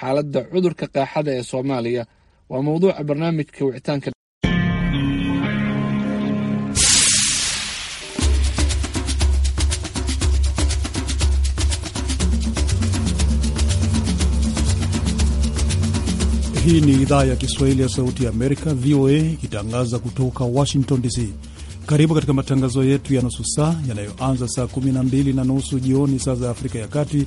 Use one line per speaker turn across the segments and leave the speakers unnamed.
xaaladda cudurka qaaxada ee soomaaliya waa mawduuca barnaamijka wicitaanka
Hii ni idhaa ya Kiswahili ya Sauti ya Amerika, VOA, ikitangaza kutoka Washington DC. Karibu katika matangazo yetu ya nusu saa yanayoanza saa 12 na nusu jioni saa za Afrika ya Kati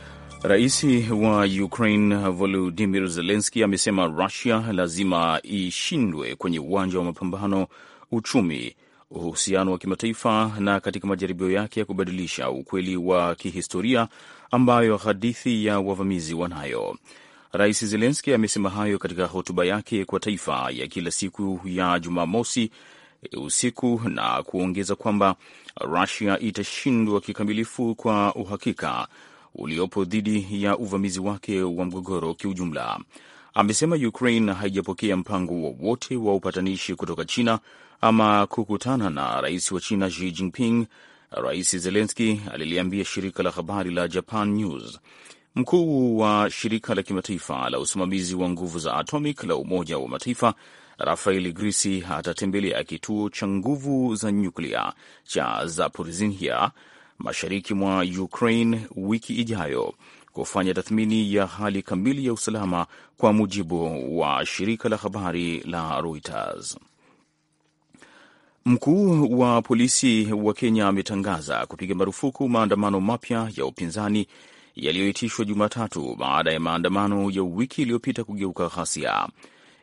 Rais wa Ukraine Volodymyr zelenski amesema Rusia lazima ishindwe kwenye uwanja wa mapambano, uchumi, uhusiano wa kimataifa na katika majaribio yake ya kubadilisha ukweli wa kihistoria ambayo hadithi ya wavamizi wanayo. Rais Zelenski amesema hayo katika hotuba yake kwa taifa ya kila siku ya Jumamosi usiku na kuongeza kwamba Rusia itashindwa kikamilifu kwa uhakika uliopo dhidi ya uvamizi wake wa mgogoro kiujumla. Amesema Ukraine haijapokea mpango wowote wa, wa upatanishi kutoka China ama kukutana na rais wa China Xi Jinping. Rais Zelenski aliliambia shirika la habari la Japan News. Mkuu wa shirika la kimataifa la usimamizi wa nguvu za atomic la Umoja wa Mataifa Rafael Grisi atatembelea kituo cha nguvu za nyuklia cha Zaporizhia mashariki mwa Ukraine wiki ijayo kufanya tathmini ya hali kamili ya usalama, kwa mujibu wa shirika la habari la Reuters. Mkuu wa polisi wa Kenya ametangaza kupiga marufuku maandamano mapya ya upinzani yaliyoitishwa Jumatatu baada ya maandamano ya wiki iliyopita kugeuka ghasia.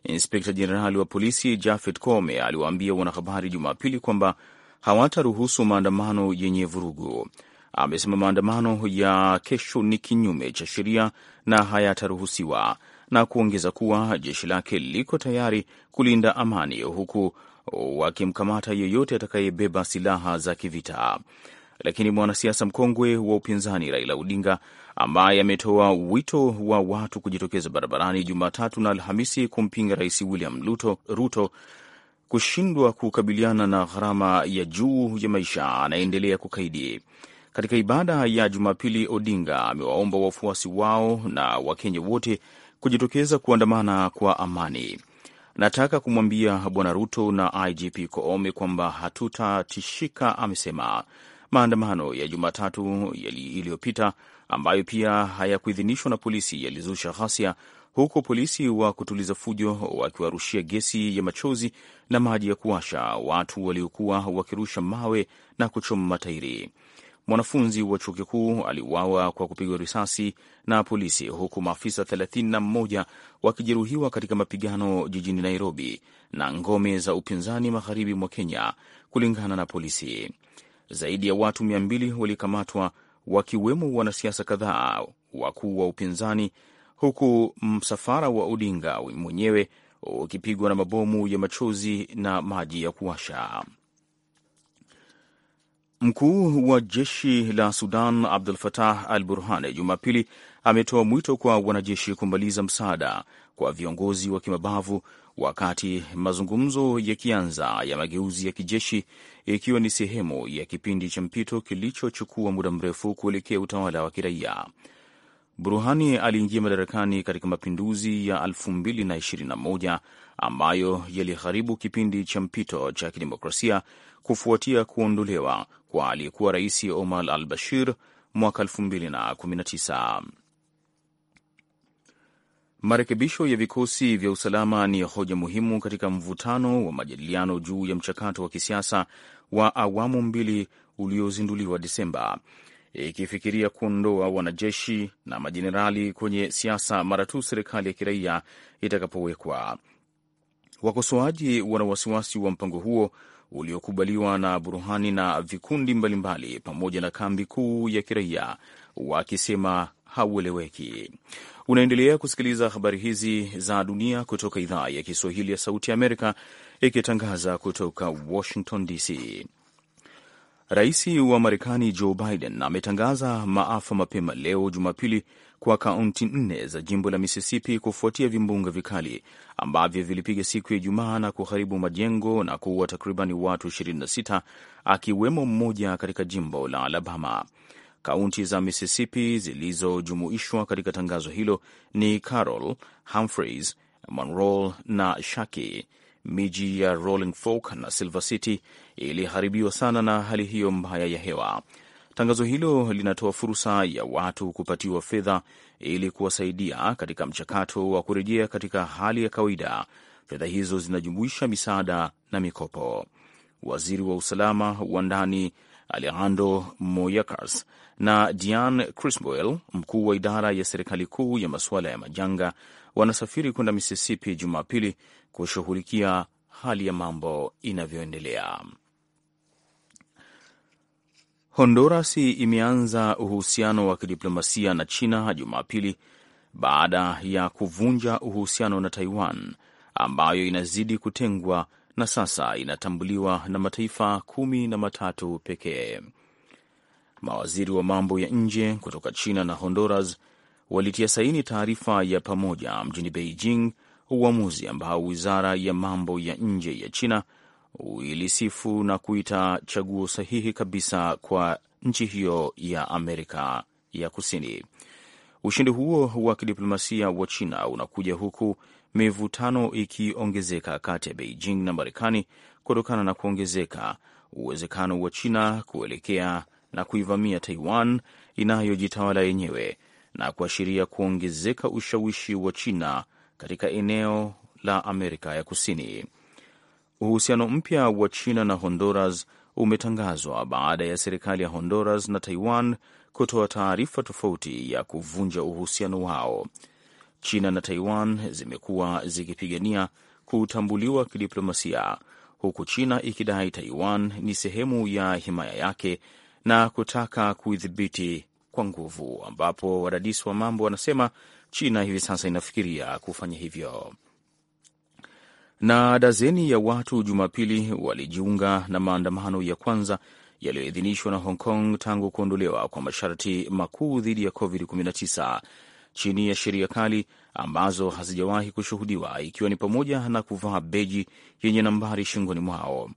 Inspekta Jenerali wa polisi Jafet Kome aliwaambia wanahabari Jumapili kwamba hawataruhusu maandamano yenye vurugu. Amesema maandamano ya kesho ni kinyume cha sheria na hayataruhusiwa, na kuongeza kuwa jeshi lake liko tayari kulinda amani, huku wakimkamata yeyote atakayebeba silaha za kivita. Lakini mwanasiasa mkongwe wa upinzani Raila Odinga ambaye ametoa wito wa watu kujitokeza barabarani Jumatatu na Alhamisi kumpinga Rais William Ruto kushindwa kukabiliana na gharama ya juu ya maisha, anaendelea kukaidi. Katika ibada ya Jumapili, Odinga amewaomba wafuasi wao na Wakenya wote kujitokeza kuandamana kwa amani. Nataka kumwambia Bwana Ruto na IGP Koome kwamba hatutatishika, amesema. Maandamano ya Jumatatu iliyopita ambayo pia hayakuidhinishwa na polisi yalizusha ghasia huku polisi wa kutuliza fujo wakiwarushia gesi ya machozi na maji ya kuwasha watu waliokuwa wakirusha mawe na kuchoma matairi. Mwanafunzi wa chuo kikuu aliuawa kwa kupigwa risasi na polisi, huku maafisa 31 wakijeruhiwa katika mapigano jijini Nairobi na ngome za upinzani magharibi mwa Kenya, kulingana na polisi. Zaidi ya watu 200 walikamatwa wakiwemo wanasiasa kadhaa wakuu wa upinzani huku msafara wa Odinga mwenyewe ukipigwa na mabomu ya machozi na maji ya kuwasha. Mkuu wa jeshi la Sudan Abdul Fatah al Burhan Jumapili ametoa mwito kwa wanajeshi kumaliza msaada kwa viongozi wa kimabavu wakati mazungumzo yakianza ya mageuzi ya kijeshi, ikiwa ni sehemu ya kipindi cha mpito kilichochukua muda mrefu kuelekea utawala wa kiraia. Buruhani aliingia madarakani katika mapinduzi ya 2021 ambayo yaliharibu kipindi cha mpito cha kidemokrasia kufuatia kuondolewa kwa aliyekuwa rais Omar al Bashir mwaka 2019. Marekebisho ya vikosi vya usalama ni hoja muhimu katika mvutano wa majadiliano juu ya mchakato wa kisiasa wa awamu mbili uliozinduliwa Desemba ikifikiria kuondoa wanajeshi na majenerali kwenye siasa mara tu serikali ya kiraia itakapowekwa. Wakosoaji wana wasiwasi wa mpango huo uliokubaliwa na Burhani na vikundi mbalimbali pamoja na kambi kuu ya kiraia wakisema haueleweki. Unaendelea kusikiliza habari hizi za dunia kutoka idhaa ya Kiswahili ya Sauti ya Amerika ikitangaza kutoka Washington DC. Rais wa Marekani Joe Biden ametangaza maafa mapema leo Jumapili kwa kaunti nne za jimbo la Mississippi kufuatia vimbunga vikali ambavyo vilipiga siku ya Ijumaa na kuharibu majengo na kuua takriban watu 26 akiwemo mmoja katika jimbo la Alabama. Kaunti za Mississippi zilizojumuishwa katika tangazo hilo ni Carroll, Humphreys, Monroe na shaki miji ya Rolling Fork na Silver City iliharibiwa sana na hali hiyo mbaya ya hewa. Tangazo hilo linatoa fursa ya watu kupatiwa fedha ili kuwasaidia katika mchakato wa kurejea katika hali ya kawaida. Fedha hizo zinajumuisha misaada na mikopo. Waziri wa usalama wa ndani Alejandro Moyacas na Dian Criswell, mkuu wa idara ya serikali kuu ya masuala ya majanga, wanasafiri kwenda Mississippi Jumapili kushughulikia hali ya mambo inavyoendelea. Honduras imeanza uhusiano wa kidiplomasia na China Jumapili baada ya kuvunja uhusiano na Taiwan ambayo inazidi kutengwa na sasa inatambuliwa na mataifa kumi na matatu pekee. Mawaziri wa mambo ya nje kutoka China na Honduras walitia saini taarifa ya pamoja mjini Beijing, uamuzi ambao wizara ya mambo ya nje ya China ilisifu na kuita chaguo sahihi kabisa kwa nchi hiyo ya Amerika ya Kusini. Ushindi huo wa kidiplomasia wa China unakuja huku mivutano ikiongezeka kati ya Beijing na Marekani kutokana na kuongezeka uwezekano wa China kuelekea na kuivamia Taiwan inayojitawala yenyewe na kuashiria kuongezeka ushawishi wa China katika eneo la Amerika ya Kusini. Uhusiano mpya wa China na Honduras umetangazwa baada ya serikali ya Honduras na Taiwan kutoa taarifa tofauti ya kuvunja uhusiano wao. China na Taiwan zimekuwa zikipigania kutambuliwa kidiplomasia, huku China ikidai Taiwan ni sehemu ya himaya yake na kutaka kuidhibiti kwa nguvu, ambapo wadadisi wa mambo wanasema China hivi sasa inafikiria kufanya hivyo. Na dazeni ya watu Jumapili walijiunga na maandamano ya kwanza yaliyoidhinishwa na Hong Kong tangu kuondolewa kwa masharti makuu dhidi ya COVID-19 chini ya sheria kali ambazo hazijawahi kushuhudiwa, ikiwa ni pamoja na kuvaa beji yenye nambari shingoni mwao.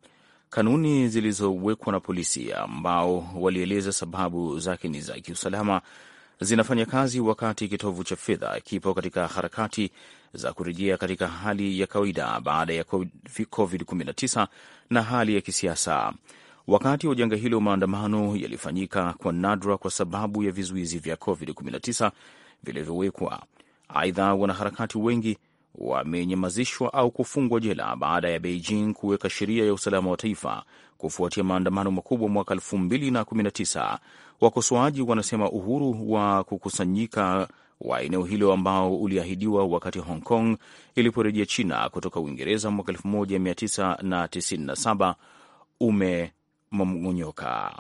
Kanuni zilizowekwa na polisi ambao walieleza sababu zake ni za kiusalama zinafanya kazi wakati kitovu cha fedha kipo katika harakati za kurejea katika hali ya kawaida baada ya COVID-19 na hali ya kisiasa. Wakati wa janga hilo, maandamano yalifanyika kwa nadra kwa sababu ya vizuizi vya COVID-19 vilivyowekwa. Aidha, wanaharakati wengi wamenyamazishwa au kufungwa jela baada ya Beijing kuweka sheria ya usalama wa taifa kufuatia maandamano makubwa mwaka 2019. Wakosoaji wanasema uhuru wa kukusanyika wa eneo hilo ambao uliahidiwa wakati Hong Kong iliporejea China kutoka Uingereza mwaka 1997 umemomonyoka.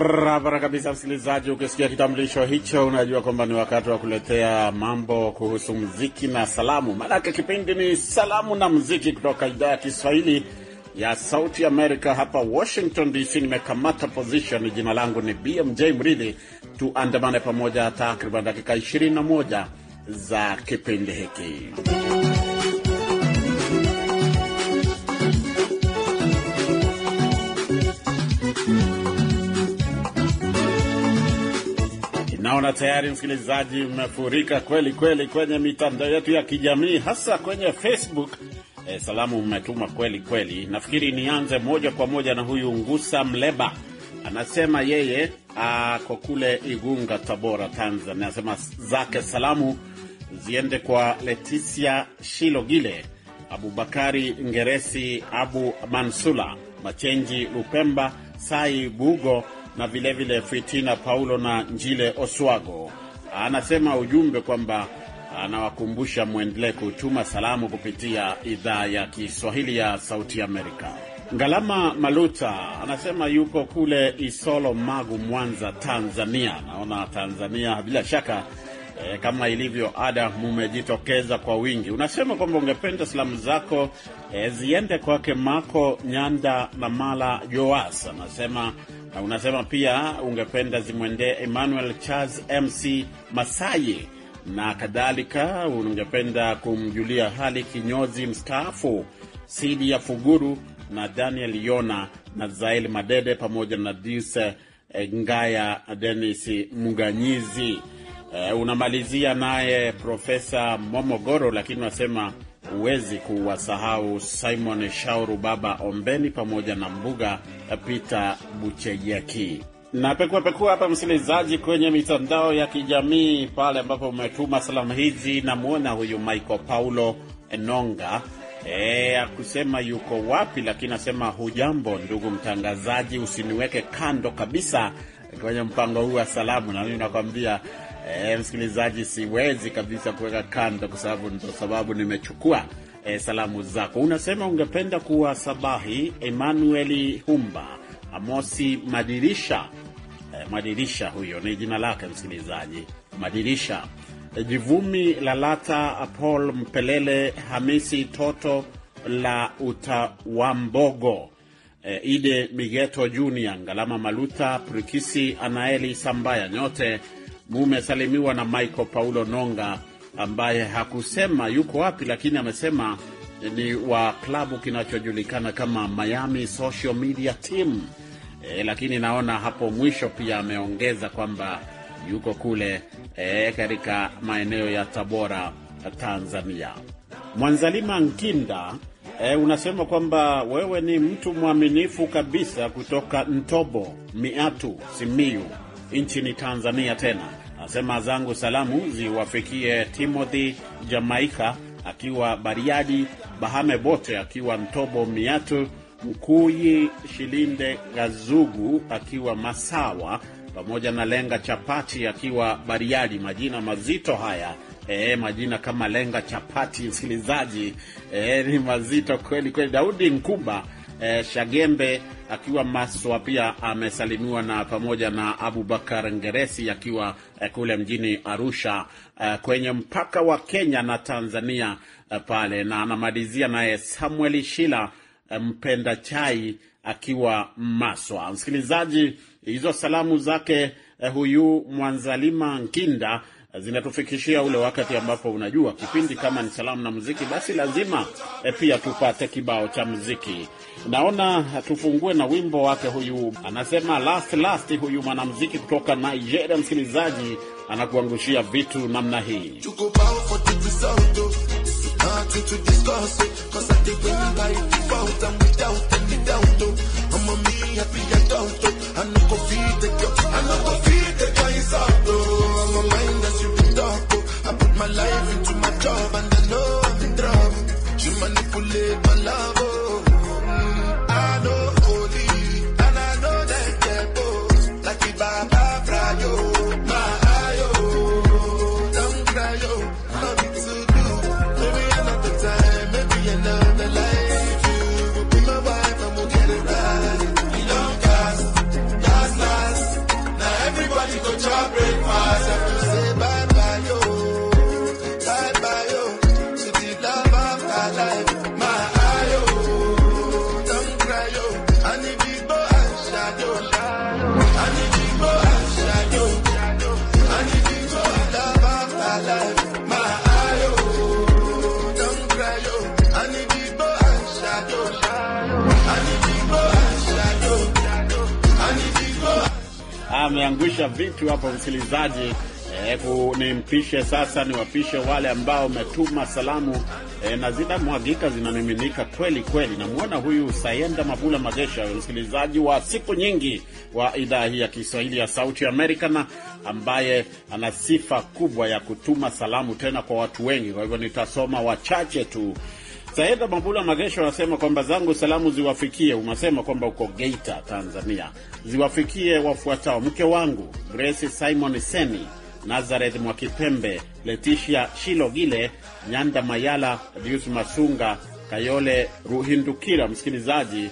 Barabara kabisa, msikilizaji, ukisikia kitambulisho hicho unajua kwamba ni wakati wa kuletea mambo kuhusu mziki na salamu. Maanake kipindi ni salamu na muziki kutoka idhaa ya Kiswahili ya Sauti Amerika hapa Washington DC. Nimekamata position, jina langu ni BMJ Mridhi. Tuandamane pamoja takriban dakika 21 za kipindi hiki. Naona tayari msikilizaji, mmefurika kweli kweli kwenye mitandao yetu ya kijamii, hasa kwenye Facebook. E, salamu mmetuma kweli kweli. Nafikiri nianze moja kwa moja na huyu Ngusa Mleba, anasema yeye ako kule Igunga, Tabora, Tanzania. Anasema zake salamu ziende kwa Leticia Shilogile, Abubakari Ngeresi, Abu Mansula Machenji, Lupemba Sai Bugo na vilevile vile Fitina Paulo na Njile Oswago. Anasema ujumbe kwamba anawakumbusha mwendelee kutuma salamu kupitia idhaa ya Kiswahili ya Sauti Amerika. Ngalama Maluta anasema yuko kule Isolo, Magu, Mwanza, Tanzania. Naona Tanzania bila shaka e, kama ilivyo ada, mumejitokeza kwa wingi. Unasema kwamba ungependa salamu zako e, ziende kwake Mako Nyanda na Mala Joas, anasema unasema pia ungependa zimwendee Emmanuel Charles Mc Masayi na kadhalika. Ungependa kumjulia hali kinyozi mstaafu Sidi ya Fuguru na Daniel Yona na Zael Madede pamoja na Dis eh, Ngaya Denis Muganyizi. Uh, unamalizia naye Profesa Momogoro, lakini unasema huwezi kuwasahau Simon Shauru, Baba Ombeni pamoja na Mbuga eh, Peter Buchejeki. Na pekua pekua hapa, msikilizaji, kwenye mitandao ya kijamii pale ambapo umetuma salamu hizi, namwona huyu Michael Paulo Enonga e, akusema yuko wapi, lakini asema hujambo ndugu mtangazaji, usiniweke kando kabisa kwenye mpango huu wa salamu, na mimi nakwambia E, msikilizaji, siwezi kabisa kuweka kando kwa sababu ndo sababu nimechukua e, salamu zako. Unasema ungependa sabahi Emmanueli Humba, Amosi Madirisha. E, Madirisha huyo ni jina lake msikilizaji, Madirisha e, Jivumi Lalata, Paul Mpelele, Hamisi Toto la Utawambogo e, Ide Migeto Junior, Ngalama Maluta, Prikisi Anaeli Sambaya, nyote mumesalimiwa na Michael Paulo Nonga ambaye hakusema yuko wapi, lakini amesema ni wa klabu kinachojulikana kama Miami Social Media Team. E, lakini naona hapo mwisho pia ameongeza kwamba yuko kule e, katika maeneo ya Tabora, Tanzania. Mwanzalima Nkinda e, unasema kwamba wewe ni mtu mwaminifu kabisa kutoka Ntobo Miatu, simiu nchini Tanzania tena. Nasema zangu salamu ziwafikie Timothy Jamaika akiwa Bariadi, Bahame Bote akiwa Mtobo Miatu, Mkuyi Shilinde Gazugu akiwa Masawa, pamoja na Lenga Chapati akiwa Bariadi. Majina mazito haya. E, majina kama Lenga Chapati, msikilizaji e, ni mazito kweli kweli. Daudi Nkuba e, Shagembe akiwa Maswa. Pia amesalimiwa na pamoja na Abubakar Ngeresi akiwa eh, kule mjini Arusha eh, kwenye mpaka wa Kenya na Tanzania eh, pale, na anamalizia naye Samuel Shila mpenda chai akiwa Maswa. Msikilizaji, hizo salamu zake huyu Mwanzalima Nkinda zinatufikishia ule wakati ambapo unajua kipindi kama ni salamu na muziki, basi lazima e, pia tupate kibao cha muziki. Naona tufungue na wimbo wake huyu, anasema last last. Huyu mwanamuziki kutoka Nigeria, msikilizaji, anakuangushia vitu namna hii.
my life into my job and I know I'm in trouble. She manipulate my love. Oh.
umeangusha vitu hapo, msikilizaji. E, nimpishe sasa, niwapishe wale ambao umetuma salamu e, na zinamwagika zinamiminika kweli kweli. Namwona huyu Sayenda Mabula Magesha, msikilizaji wa siku nyingi wa idhaa hii ya Kiswahili ya Sauti ya Amerika, na ambaye ana sifa kubwa ya kutuma salamu tena kwa watu wengi. Kwa hivyo nitasoma wachache tu. Saida Mabula Magesho anasema kwamba zangu salamu ziwafikie, unasema kwamba uko Geita, Tanzania, ziwafikie wafuatao: mke wangu Grace Simon Seni, Nazareth Mwakipembe, Leticia Shilogile, Nyanda Mayala, Dius Masunga, Kayole Ruhindukira, msikilizaji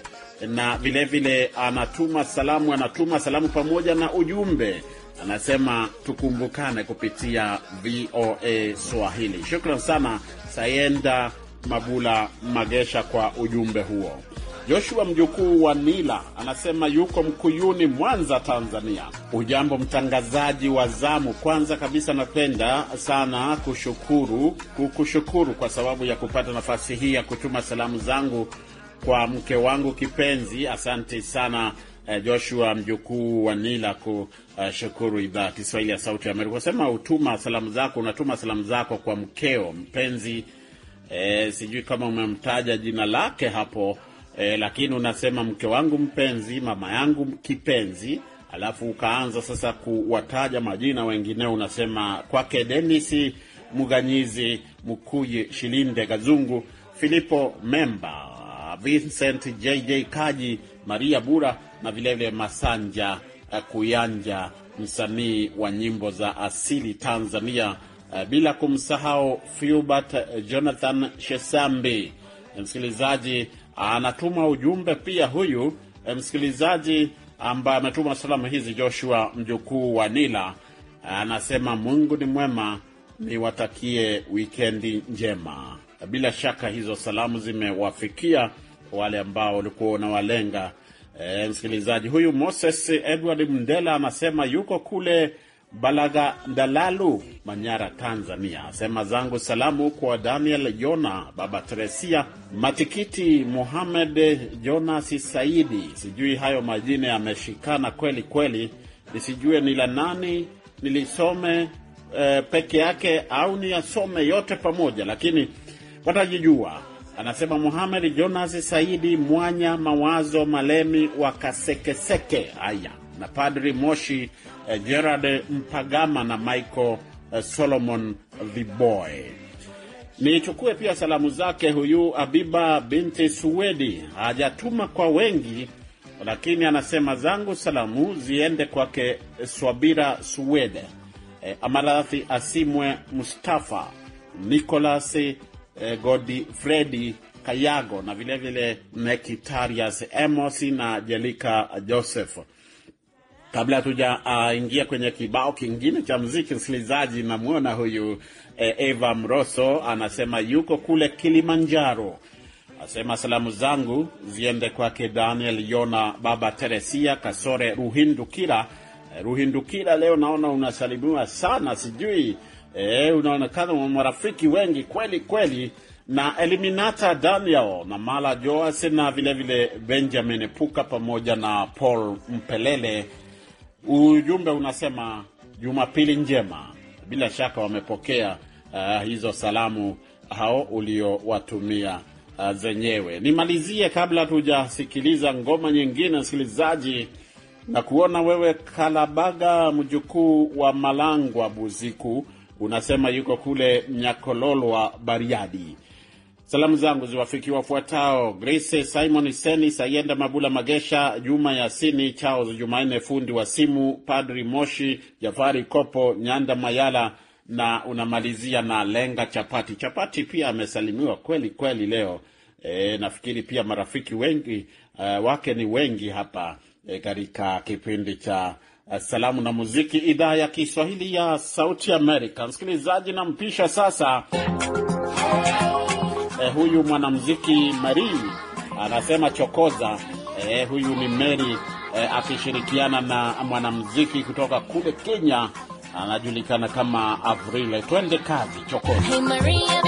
na vilevile vile anatuma salamu, anatuma salamu pamoja na ujumbe, anasema tukumbukane kupitia VOA Swahili. Shukran sana Sayenda Mabula Magesha kwa ujumbe huo. Joshua mjukuu wa Nila anasema yuko Mkuyuni, Mwanza, Tanzania. Ujambo mtangazaji wa zamu. Kwanza kabisa napenda sana kushukuru kukushukuru kwa sababu ya kupata nafasi hii ya kutuma salamu zangu kwa mke wangu kipenzi. Asante sana eh, Joshua mjukuu wa Nila kushukuru idhaa Kiswahili ya Sauti ya Amerika. Unasema utuma salamu zako, unatuma salamu zako kwa mkeo mpenzi e, sijui kama umemtaja jina lake hapo e, lakini unasema mke wangu mpenzi, mama yangu kipenzi, alafu ukaanza sasa kuwataja majina wengineo, unasema kwake denis Muganyizi, Mkuyi Shilinde, Gazungu, Filipo Memba, Vincent JJ Kaji, Maria Bura na vilevile Masanja Kuyanja, msanii wa nyimbo za asili Tanzania Eh, bila kumsahau Filbert eh, Jonathan Shesambi. Eh, msikilizaji anatuma ujumbe pia, huyu msikilizaji ambaye ametuma salamu hizi, Joshua mjukuu wa Nila, anasema Mungu ni mwema, niwatakie wikendi njema. Bila shaka hizo salamu zimewafikia wale ambao ulikuwa unawalenga. E, msikilizaji huyu Moses Edward Mndela anasema yuko kule Balaga Ndalalu, Manyara, Tanzania, asema zangu salamu kwa Daniel Jona, Baba Teresia Matikiti, Muhamed Jonasi Saidi. Sijui hayo majina yameshikana kweli kweli, nisijue ni la nani, nilisome eh, peke yake au niyasome yote pamoja, lakini watajijua. Anasema Muhamed jonas Saidi Mwanya Mawazo Malemi wa Kasekeseke. Aya, na Padri Moshi eh, Gerard Mpagama na Michael eh, Solomon the Boy. Nichukue pia salamu zake huyu Abiba binti Suwedi, hajatuma kwa wengi, lakini anasema zangu salamu ziende kwake Swabira Suwede, eh, Amarathi Asimwe, Mustafa Nicolas, eh, fredi Kayago na vilevile Nekitarias Emosi na Jelika Joseph. Kabla hatujaingia uh, kwenye kibao kingine cha mziki, msikilizaji, namwona huyu eh, Eva Mroso anasema yuko kule Kilimanjaro, asema salamu zangu ziende kwake Daniel Yona, Baba Teresia Kasore Ruhindukira. Eh, Ruhindukira, leo naona unasalimiwa sana, sijui eh, unaonekana marafiki wengi kweli kweli na Eliminata Daniel na Mala Joas na vilevile Benjamin Puka pamoja na Paul Mpelele Ujumbe unasema Jumapili njema. Bila shaka wamepokea uh, hizo salamu hao uliowatumia uh, zenyewe. Nimalizie kabla tujasikiliza ngoma nyingine, msikilizaji, na kuona wewe Kalabaga, mjukuu wa Malangwa Buziku, unasema yuko kule Nyakololwa, Bariadi. Salamu zangu ziwafiki wafuatao: Grace Simon Seni, Sayenda Mabula Magesha, Juma Yasini, Charles Jumanne fundi wa simu, Padri Moshi, Jafari Kopo, Nyanda Mayala na unamalizia na Lenga Chapati. Chapati pia amesalimiwa kweli kweli leo. E, nafikiri pia marafiki wengi uh, wake ni wengi hapa e, katika kipindi cha uh, salamu na muziki, idhaa ya Kiswahili ya Sauti Amerika. Msikilizaji, nampisha sasa eh, huyu mwanamuziki Marii anasema chokoza. Eh, huyu ni Mary eh, akishirikiana na mwanamuziki kutoka kule Kenya anajulikana kama Avril. Twende kazi, chokoza. Hey Maria,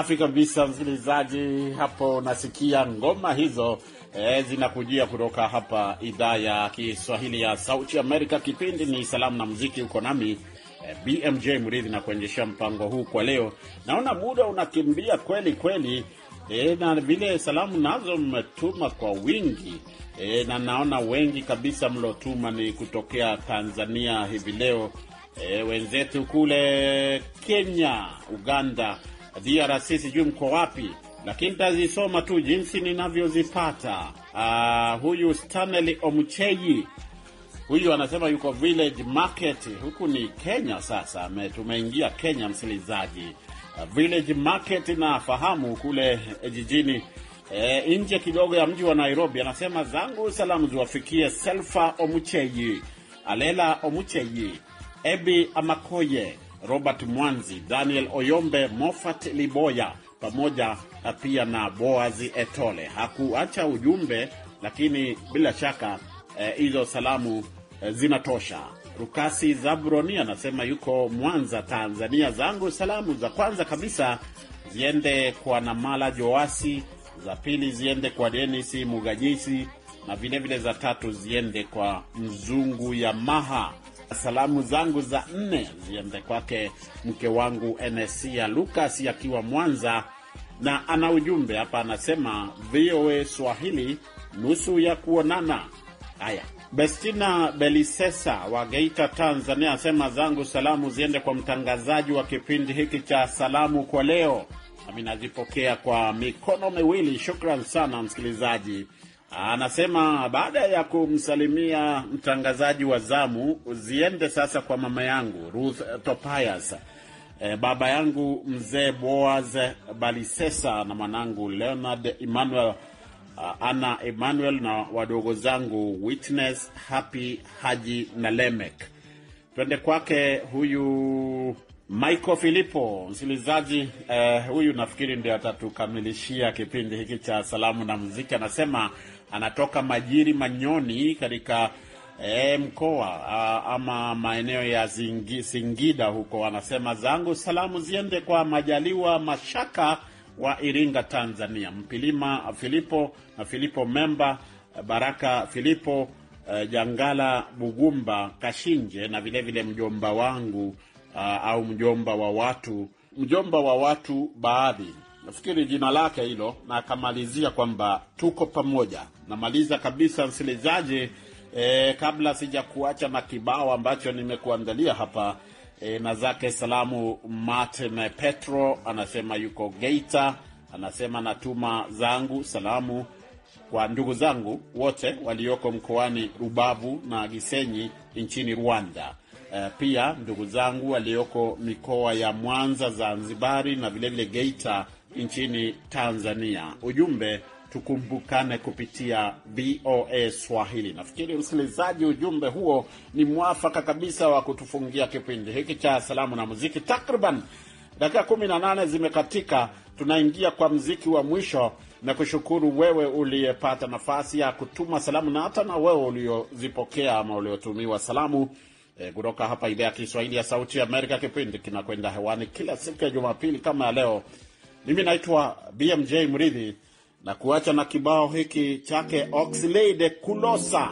Safi kabisa, msikilizaji, hapo unasikia ngoma hizo e, zinakujia kutoka hapa idhaa ya Kiswahili ya Sauti Amerika. Kipindi ni Salamu na Muziki, uko nami e, BMJ Mridhi na kuendesha mpango huu kwa leo. Naona muda unakimbia kweli kweli, e, na vile salamu nazo mmetuma kwa wingi e, na naona wengi kabisa mlotuma ni kutokea Tanzania hivi leo e, wenzetu kule Kenya, Uganda DRC sijui mko wapi, lakini tazisoma tu jinsi ninavyozipata. Uh, huyu Stanley Omcheji huyu anasema yuko Village Market, huku ni Kenya. Sasa tumeingia Kenya, msikilizaji. Uh, Village Market nafahamu kule eh, jijini E, nje kidogo ya mji wa Nairobi. Anasema zangu salamu ziwafikie Selfa Omucheji, Alela Omucheji, Ebi Amakoye, Robert Mwanzi, Daniel Oyombe, Moffat Liboya pamoja pia na Boazi Etole. Hakuacha ujumbe, lakini bila shaka eh, hizo eh, salamu eh, zinatosha. Rukasi Zabroni anasema yuko Mwanza, Tanzania. Zangu salamu za kwanza kabisa ziende kwa Namala Joasi, za pili ziende kwa Denisi Mugajisi na vilevile vile za tatu ziende kwa Mzungu ya maha Salamu zangu za nne ziende kwake mke wangu ya Lucas akiwa Mwanza, na ana ujumbe hapa, anasema VOA Swahili nusu ya kuonana. Haya, Bestina Belisesa wa Geita, Tanzania anasema zangu salamu ziende kwa mtangazaji wa kipindi hiki cha salamu kwa leo. Nami nazipokea kwa mikono miwili. Shukran sana msikilizaji Anasema baada ya kumsalimia mtangazaji wa zamu, ziende sasa kwa mama yangu Ruth Topias, e, baba yangu mzee Boaz Balisesa na mwanangu Leonard Emmanuel, Ana Emmanuel na wadogo zangu Witness, Happy, Haji na Lemek. Twende kwake huyu Michael Filipo msikilizaji eh, huyu nafikiri ndio atatukamilishia kipindi hiki cha salamu na muziki. Anasema anatoka Majiri Manyoni katika e, mkoa a, ama maeneo ya zingi, Singida huko. Anasema zangu salamu ziende kwa Majaliwa Mashaka wa Iringa, Tanzania, Mpilima Filipo na Filipo Memba, Baraka Filipo e, Jangala Bugumba Kashinje na vile vile mjomba wangu a, au mjomba wa watu mjomba wa watu baadhi nafikiri jina lake hilo, na akamalizia kwamba tuko pamoja. Namaliza kabisa msikilizaji, e, kabla sijakuacha na kibao ambacho nimekuandalia hapa e, na zake salamu. Martin Petro anasema yuko Geita, anasema natuma zangu salamu kwa ndugu zangu wote walioko mkoani Rubavu na Gisenyi nchini Rwanda. E, pia ndugu zangu walioko mikoa ya Mwanza, Zanzibari na vilevile Geita nchini Tanzania. Ujumbe tukumbukane kupitia VOA Swahili. Nafikiri msikilizaji, ujumbe huo ni mwafaka kabisa wa kutufungia kipindi hiki cha salamu na muziki. Takriban dakika kumi na nane zimekatika, tunaingia kwa mziki wa mwisho na kushukuru wewe uliyepata nafasi ya kutuma salamu na hata na wewe uliozipokea ama uliotumiwa salamu eh, kutoka e, hapa idhaa ya Kiswahili ya Sauti ya Amerika. Kipindi kinakwenda hewani kila siku ya Jumapili kama ya leo mimi naitwa BMJ Mridhi na kuacha na kibao hiki chake Oxlade Kulosa.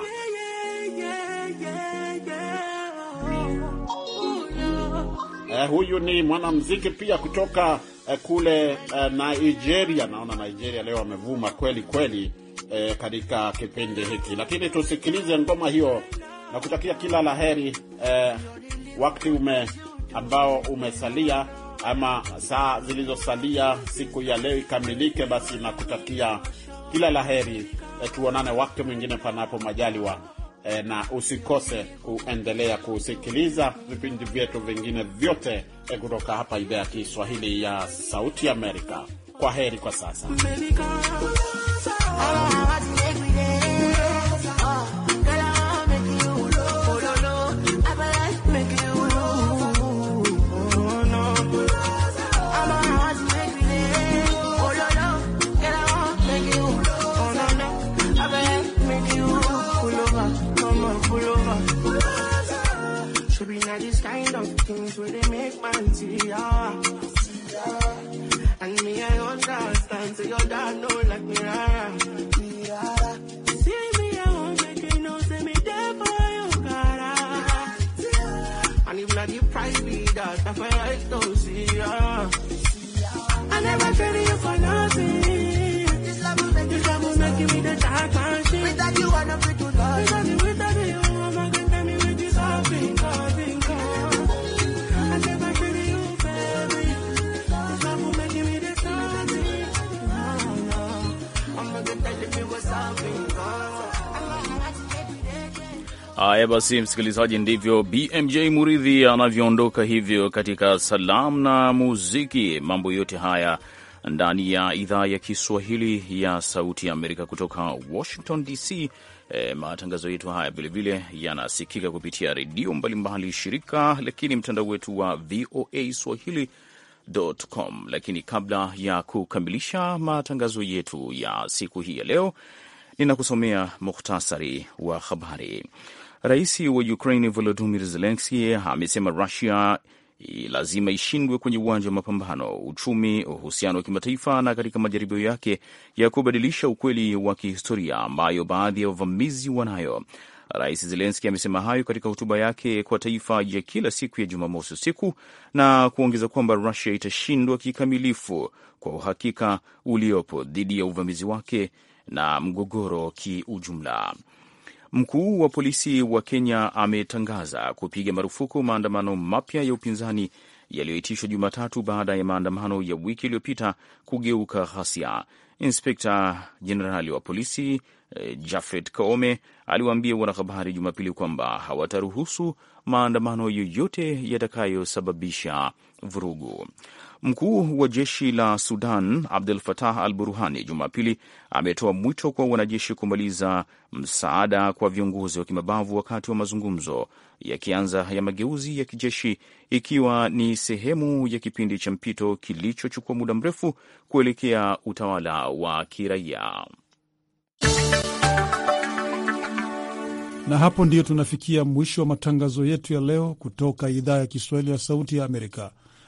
Eh, huyu ni mwanamuziki pia kutoka eh, kule eh, Nigeria. Naona Nigeria leo amevuma kweli kweli eh, katika kipindi hiki, lakini tusikilize ngoma hiyo na kutakia kila laheri eh, wakati ume ambao umesalia ama saa zilizosalia siku ya leo ikamilike, basi nakutakia kila la heri. E, tuonane wakati mwingine panapo majaliwa, e, na usikose kuendelea kusikiliza vipindi vyetu vingine vyote e, kutoka hapa idhaa ya Kiswahili ya Sauti Amerika. Kwa heri kwa sasa. Ah,
this kind of things where they make man see ah. ya. And me, I understand, so your dad know like me, rara. Ah. See me, I won't make you know, say me there for you, cara. Ah.
And if not, you price me that, I like don't see ya.
I never traded you for nothing. This love will make you, this love will make you me the dark and shit. Without you, I'm not
Haya basi, msikilizaji, ndivyo BMJ Muridhi anavyoondoka hivyo katika salamu na muziki. Mambo yote haya ndani ya idhaa ya Kiswahili ya Sauti ya Amerika kutoka Washington DC. E, eh, matangazo yetu haya vilevile yanasikika kupitia redio mbalimbali shirika, lakini mtandao wetu wa VOA Swahili.com. Lakini kabla ya kukamilisha matangazo yetu ya siku hii ya leo, ninakusomea muhtasari wa habari. Rais wa ukrain volodimir zelenski amesema Rusia lazima ishindwe kwenye uwanja wa mapambano, uchumi, uhusiano wa kimataifa na katika majaribio yake ya kubadilisha ukweli wa kihistoria ambayo baadhi ya wavamizi wanayo. Rais Zelenski amesema hayo katika hotuba yake kwa taifa ya kila siku ya Jumamosi usiku na kuongeza kwamba Rusia itashindwa kikamilifu kwa uhakika uliopo dhidi ya uvamizi wake na mgogoro kiujumla. Mkuu wa polisi wa Kenya ametangaza kupiga marufuku maandamano mapya ya upinzani yaliyoitishwa Jumatatu baada ya maandamano ya wiki iliyopita kugeuka ghasia. Inspekta Jenerali wa polisi eh, Jafet Koome aliwaambia wanahabari Jumapili kwamba hawataruhusu maandamano yoyote yatakayosababisha vurugu. Mkuu wa jeshi la Sudan abdul fatah al Burhani Jumapili ametoa mwito kwa wanajeshi kumaliza msaada kwa viongozi wa kimabavu wakati wa mazungumzo yakianza ya mageuzi ya kijeshi, ikiwa ni sehemu ya kipindi cha mpito kilichochukua muda mrefu kuelekea utawala wa kiraia.
Na hapo ndiyo tunafikia mwisho wa matangazo yetu ya leo kutoka idhaa ya Kiswahili ya Sauti ya Amerika.